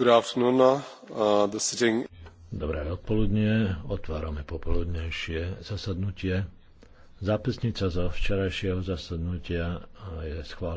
Uh, uh, Dobré odpoludne, otvárame popoludnejšie zasadnutie. Zápisnica zo včerajšieho zasadnutia uh, je schválená.